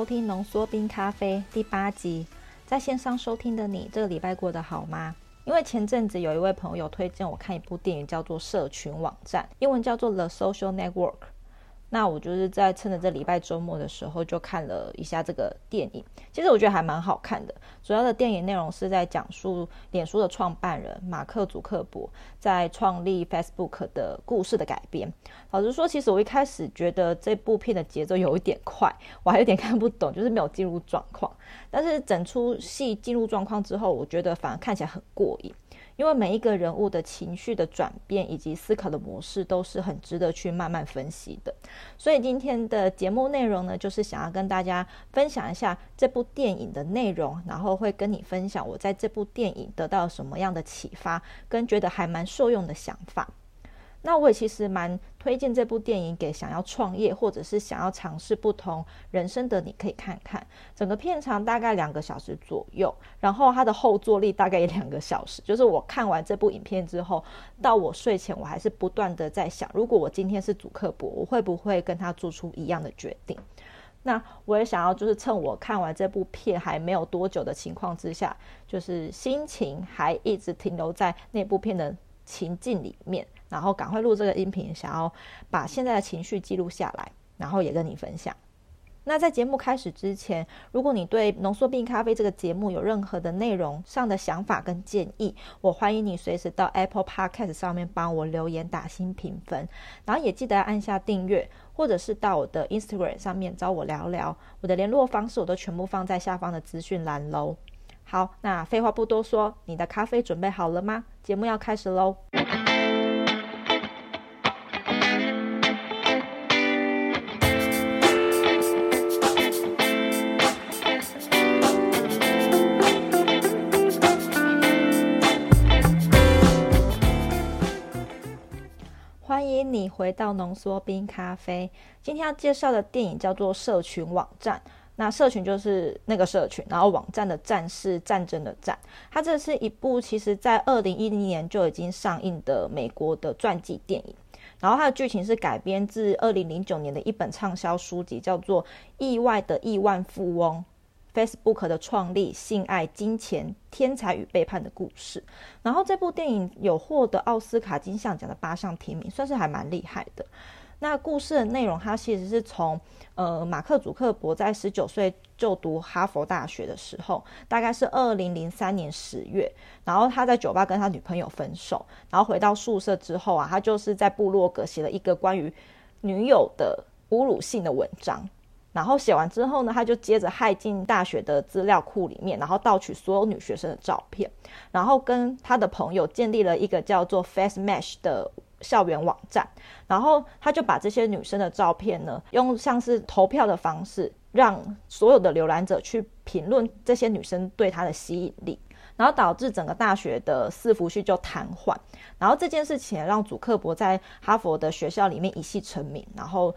收聽濃縮冰咖啡第八集，在線上收聽的你，這個禮拜過得好嗎？因為前陣子有一位朋友推薦我看一部電影，叫做《社群網戰》，英文叫做《The Social Network》。那我就是在趁着這禮拜周末的時候就看了一下這個電影，其實我覺得還蠻好看的。主要的電影內容是在講述臉書的創辦人馬克·祖克柏在創立 Facebook 的故事的改編。老實說，其實我一開始覺得這部片的節奏有一點快，我還有點看不懂，就是沒有進入狀況。但是整齣戲進入狀況之後，我覺得反而看起來很過癮。因為每一個人物的情緒的轉變以及思考的模式都是很值得去慢慢分析的，所以今天的節目內容呢，就是想要跟大家分享一下這部電影的內容，然後會跟你分享我在這部電影得到什麼樣的啟發，跟覺得還蠻受用的想法。那我也其實蠻推薦這部電影給想要創業或者是想要嘗試不同人生的你，可以看看。整個片長大概兩個小時左右，然後它的後坐力大概也兩個小時。就是我看完這部影片之後，到我睡前我還是不斷的在想，如果我今天是祖克柏，我會不會跟他做出一樣的決定？那我也想要就是趁我看完這部片還沒有多久的情況之下，就是心情還一直停留在那部片的情境裡面。然後趕快錄這個音頻，想要把現在的情緒記錄下來，然後也跟你分享。那在節目開始之前，如果你對《濃縮冰咖啡》這個節目有任何的內容上的想法跟建議，我歡迎你隨時到 Apple Podcast 上面幫我留言、打新評分，然後也記得按下訂閱，或者是到我的 Instagram 上面找我聊聊。我的聯絡方式我都全部放在下方的資訊欄嘍。好，那廢話不多說，你的咖啡準備好了嗎？節目要開始嘍！回到濃縮冰咖啡，今天要介紹的電影叫做《社群網戰》。那社群就是那個社群，然後網戰的戰是戰爭的戰。它，這是一部其實在二零一零年就已經上映的美國的傳記電影。然後它的劇情是改編自二零零九年的一本暢銷書籍，叫做《意外的億萬富翁》。Facebook 的創立、性愛、金錢、天才與背叛的故事。然後這部電影有獲得奧斯卡金像獎的八項提名，算是還蠻厲害的。那故事的內容，它其實是從呃馬克·祖克伯在十九歲就讀哈佛大學的時候，大概是二零零三年十月，然後他在酒吧跟他女朋友分手，然後回到宿舍之後啊，他就是在部落格寫了一個關於女友的侮辱性的文章。然後寫完之後呢，他就接着駭進大學的資料庫裡面，然後盜取所有女學生的照片，然後跟他的朋友建立了一個叫做 Facemash 的校園網站，然後他就把這些女生的照片呢，用像是投票的方式，讓所有的瀏覽者去評論這些女生對他的吸引力，然後導致整個大學的伺服器就癱瘓，瘓，然後這件事情讓祖克柏在哈佛的學校裡面一夕成名，然後。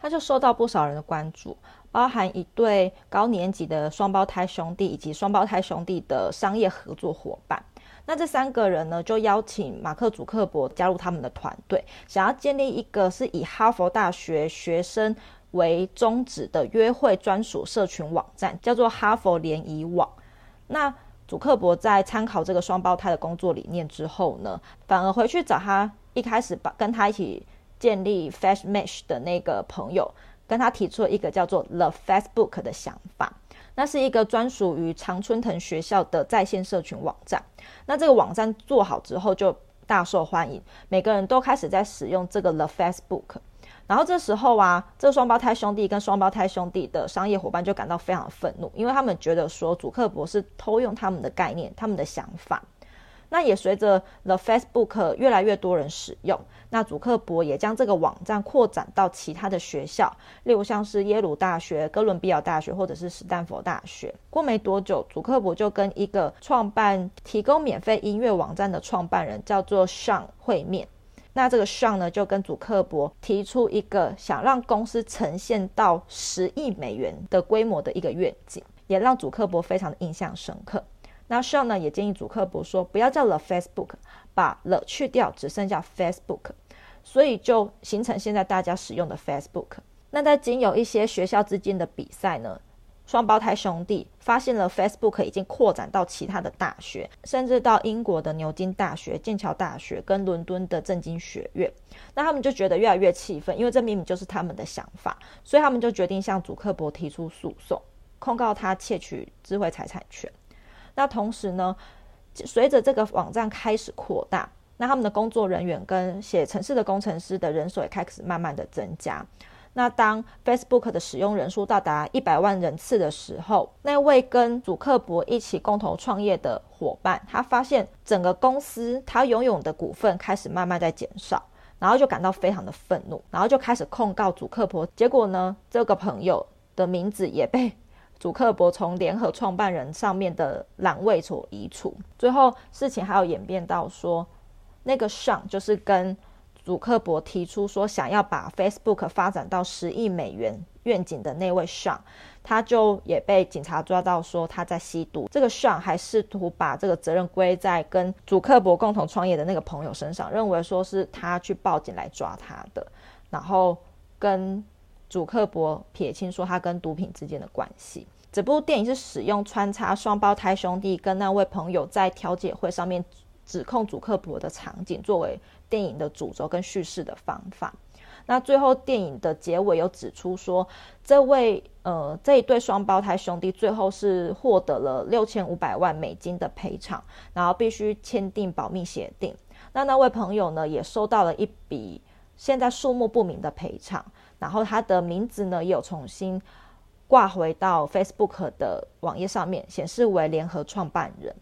他就受到不少人的關注，包含一對高年級的雙胞胎兄弟以及雙胞胎兄弟的商業合作夥伴。那這三個人呢，就邀請馬克·祖克柏加入他們的團隊，想要建立一個是以哈佛大學學生為宗旨的約會專屬社群網站，叫做哈佛聯誼網。那祖克柏在參考這個雙胞胎的工作理念之後呢，反而回去找他一開始把跟他一起。建立 Facemash 的那個朋友，跟他提出了一個叫做 The Facebook 的想法，那是一個專屬於常春藤學校的在線社群網站。那這個網站做好之後就大受歡迎，每個人都開始在使用這個 The Facebook。然後這時候啊，這雙胞胎兄弟跟雙胞胎兄弟的商業夥伴就感到非常憤怒，因為他們覺得說祖克柏是偷用他們的概念、他們的想法。那也隨着 The Facebook 越來越多人使用，那祖克伯也將這個網站擴展到其他的學校，例如像是耶魯大學、哥倫比亞大學或者是斯坦福大學。過沒多久，祖克伯就跟一個創辦提供免費音樂網站的創辦人叫做 Sean 會面。那這個 Sean 呢，就跟祖克伯提出一個想讓公司呈現到十億美元的規模的一個願景，也讓祖克伯非常的印象深刻。那 Sean 呢，也建議祖克伯說，不要叫 the Facebook，把 the 去掉，只剩下 Facebook，所以就形成現在大家使用的 Facebook。那在僅有一些學校之間的比賽呢，雙胞胎兄弟發現了 Facebook 已經擴展到其他的大學，甚至到英國的牛津大學、劍橋大學跟倫敦的政經學院。那他們就覺得越來越氣憤，因為這明明就是他們的想法，所以他們就決定向祖克伯提出訴訟，控告他竊取智慧財產權。那同時呢，隨着這個網站開始擴大，那他們的工作人員跟寫程式的工程師的人數也開始慢慢的增加。那當 Facebook 的使用人數到達一百萬人次的時候，那位跟祖克伯一起共同創業的夥伴，他發現整個公司他擁有的股份開始慢慢在減少，然後就感到非常的憤怒，然後就開始控告祖克伯。結果呢，這個朋友的名字也被祖克伯從聯合創辦人上面的欄位所移除，最後事情還有演變到說，那個 Sean 就是跟祖克伯提出說想要把 Facebook 發展到十億美元願景的那位 Sean，他就也被警察抓到說他在吸毒。這個 Sean 還試圖把這個責任歸在跟祖克伯共同創業的那個朋友身上，認為說是他去報警來抓他的，然後跟祖克伯撇清說他跟毒品之間的關係。這部電影是使用穿插雙胞胎兄弟跟那位朋友在調解會上面指控祖克伯的場景作為電影的主軸跟敘事的方法。那最後電影的結尾有指出說，這位呃這一對雙胞胎兄弟最後是獲得了六千五百萬美金的賠償，然後必須簽訂保密協定。那那位朋友呢，也收到了一筆現在數目不明的賠償，然後他的名字呢也有重新。掛回到 Facebook 的網頁上面，顯示為聯合創辦人。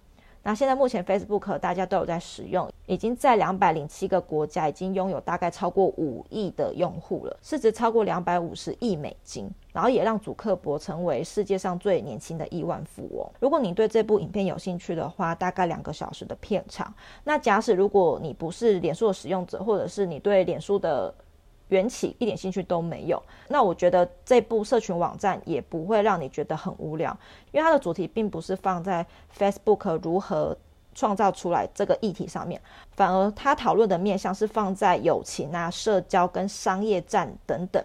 那現在目前 Facebook 大家都有在使用，已經在兩百零七個國家，已經擁有大概超過五億的用戶了，市值超過兩百五十億美金，然後也讓祖克伯成為世界上最年輕的億萬富翁。如果你對這部影片有興趣的話，大概兩個小時的片長。那假使如果你不是臉書的使用者，或者是你對臉書的緣起一點興趣都沒有，那我覺得這部社群網戰也不會讓你覺得很無聊，因為它的主題並不是放在 Facebook 如何創造出來這個議題上面，反而它討論的面向是放在友情啊、社交跟商業戰等等。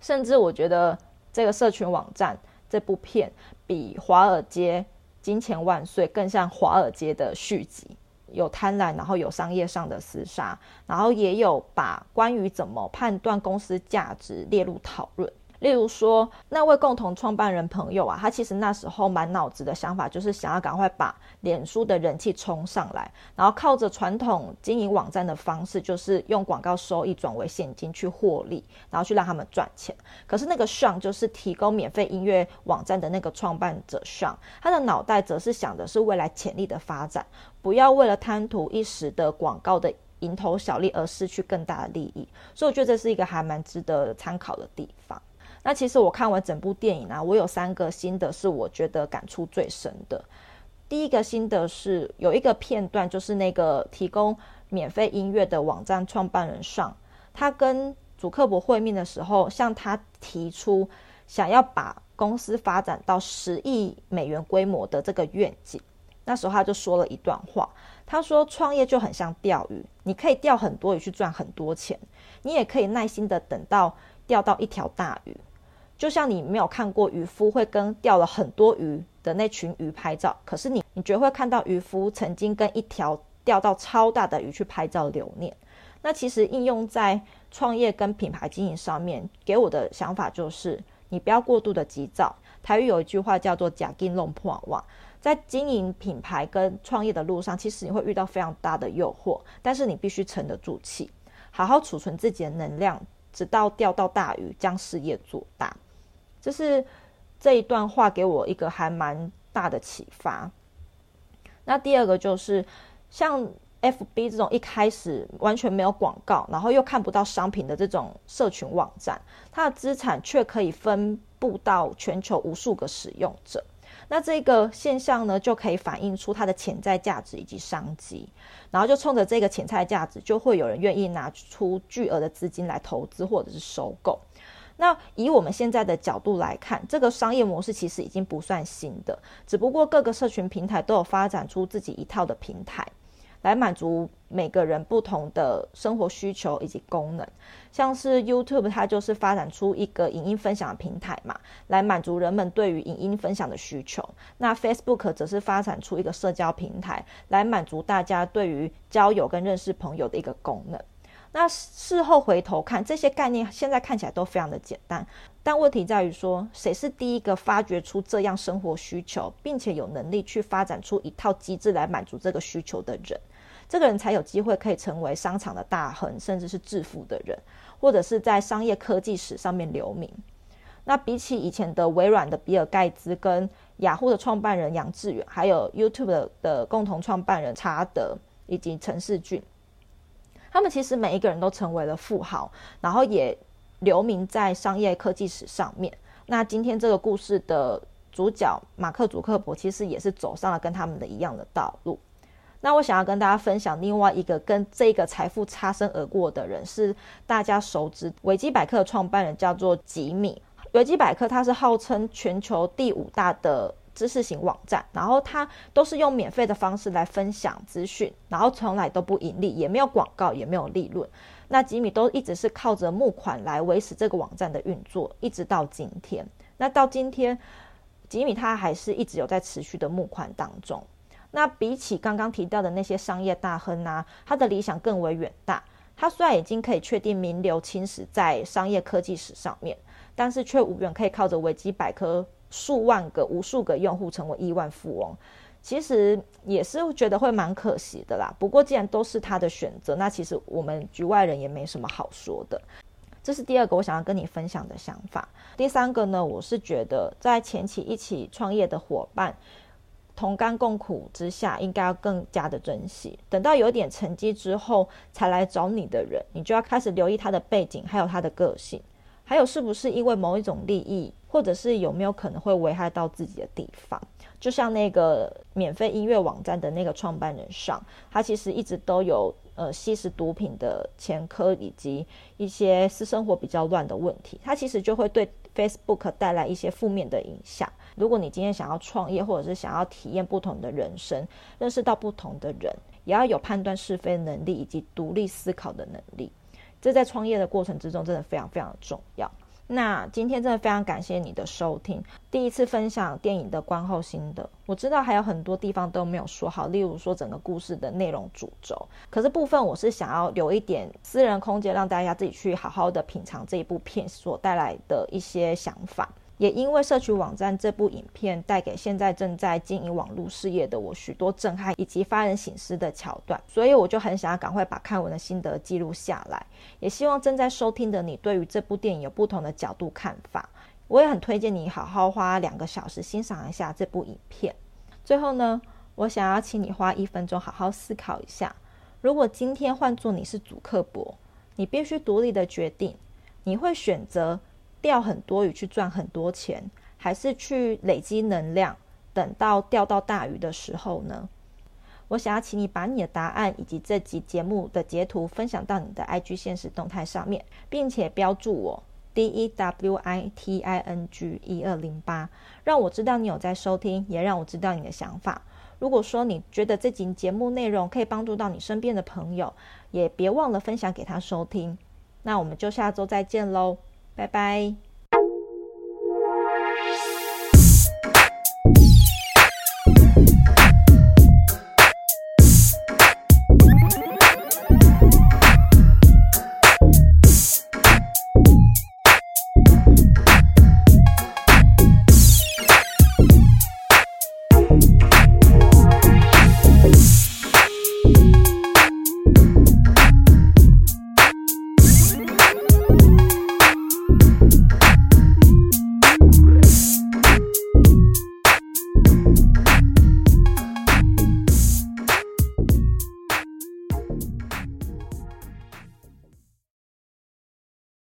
甚至我覺得這個社群網戰這部片比《華爾街金錢萬歲》更像《華爾街》的續集。有貪婪，然後有商業上的廝殺，然後也有把關於怎麼判斷公司價值列入討論。例如說，那位共同創辦人朋友啊，他其實那時候滿腦子的想法就是想要趕快把臉書的人氣衝上來，然後靠着傳統經營網站的方式，就是用廣告收益轉為現金去獲利，然後去讓他們賺錢。可是那個 Sean 就是提供免費音樂網站的那個創辦者 Sean，他的腦袋則是想的是未來潛力的發展，不要為了貪圖一時的廣告的蠅頭小利而失去更大的利益。所以我覺得這是一個還蠻值得參考的地方。那其實我看完整部電影啊，我有三個心得是我覺得感觸最深的。第一個心得是有一個片段，就是那個提供免費音樂的網站創辦人上，他跟祖克伯會面的時候，向他提出想要把公司發展到十億美元規模的這個願景。那時候他就說了一段話，他說創業就很像釣魚，你可以釣很多魚去賺很多錢，你也可以耐心的等到釣到一條大魚。就像你沒有看過漁夫會跟釣了很多魚的那群魚拍照，可是你，你絕會看到漁夫曾經跟一條釣到超大的魚去拍照留念。那其實應用在創業跟品牌經營上面，給我的想法就是，你不要過度的急躁。台語有一句話叫做“甲緊弄破碗”，在經營品牌跟創業的路上，其實你會遇到非常大的誘惑，但是你必須沉得住氣，好好儲存自己的能量，直到釣到大魚，將事業做大。就是這一段話給我一個還蠻大的啟發。那第二個就是像 FB 這種一開始完全沒有廣告，然後又看不到商品的這種社群網站，它的資產卻可以分布到全球無數個使用者。那這個現象呢，就可以反映出它的潛在價值以及商機。然後就衝着這個潛在價值，就會有人願意拿出巨額的資金來投資或者是收購。那以我們現在的角度來看，這個商業模式其實已經不算新的，只不過各個社群平台都有發展出自己一套的平台，來滿足每個人不同的生活需求以及功能。像是 YouTube，它就是發展出一個影音分享的平台嘛，來滿足人們對於影音分享的需求。那 Facebook 則是發展出一個社交平台，來滿足大家對於交友跟認識朋友的一個功能。那事後回頭看，這些概念現在看起來都非常的簡單，但問題在於說，誰是第一個發掘出這樣生活需求，並且有能力去發展出一套機制來滿足這個需求的人，這個人才有機會可以成為商場的大亨，甚至是致富的人，或者是在商業科技史上面留名。那比起以前的微軟的比爾蓋茨跟雅虎的創辦人楊致遠，還有 YouTube 的共同創辦人查德以及陳士駿。他們其實每一個人都成為了富豪，然後也留名在商業科技史上面。那今天這個故事的主角馬克·祖克伯其實也是走上了跟他們的一樣的道路。那我想要跟大家分享另外一個跟這個財富擦身而過的人，是大家熟知維基百科的創辦人，叫做吉米，維基百科他是號稱全球第五大的知識型網站，然後他都是用免費的方式來分享資訊，然後從來都不盈利，也沒有廣告，也沒有利潤。那吉米都一直是靠着募款來維持這個網站的運作，一直到今天。那到今天，吉米他還是一直有在持續的募款當中。那比起剛剛提到的那些商業大亨啊，他的理想更為遠大。他雖然已經可以確定名留青史在商業科技史上面，但是卻無緣可以靠着維基百科，數萬個、無數個用戶成為億萬富翁，其實也是覺得會蠻可惜的啦。不過既然都是他的選擇，那其實我們局外人也沒什麼好說的。這是第二個我想要跟你分享的想法。第三個呢，我是覺得在前期一起創業的夥伴同甘共苦之下，應該要更加的珍惜。等到有點成績之後才來找你的人，你就要開始留意他的背景還有他的個性。還有是不是，因為某一種利益，或者是有沒有可能會危害到自己的地方？就像那個免費音樂網站的那個創辦人上，他其實一直都有呃吸食毒品的前科，以及一些私生活比較亂的問題，他其實就會對 Facebook 帶來一些負面的影響。如果你今天想要創業，或者是想要體驗不同的人生，認識到不同的人，也要有判斷是非的能力以及獨立思考的能力。這在創業的過程之中，真的非常非常的重要。那今天真的非常感謝你的收聽，第一次分享電影的觀後心得。我知道還有很多地方都沒有說好，例如說整個故事的內容主軸，可是部分我是想要留一點私人空間，讓大家自己去好好的品嘗這一部片所帶來的一些想法。也因為《社群網戰》這部影片帶給現在正在經營網絡事業的我許多震撼以及發人省思的橋段，所以我就很想要趕快把看完的心得記錄下來。也希望正在收聽的你對於這部電影有不同的角度看法。我也很推薦你好好花兩個小時欣賞一下這部影片。最後呢，我想要請你花一分鐘好好思考一下：如果今天換作你是祖克柏，你必須獨立的決定，你會選擇？釣很多魚去賺很多錢，還是去累積能量，等到釣到大魚的時候呢？我想要請你把你的答案以及這集節目的截圖分享到你的 IG 限時動態上面，並且標注我 D E W I T I N G 一二零八，讓我知道你有在收聽，也讓我知道你的想法。如果說你覺得這集節目內容可以幫助到你身邊的朋友，也別忘了分享給他收聽。那我們就下周再見嘍！拜拜。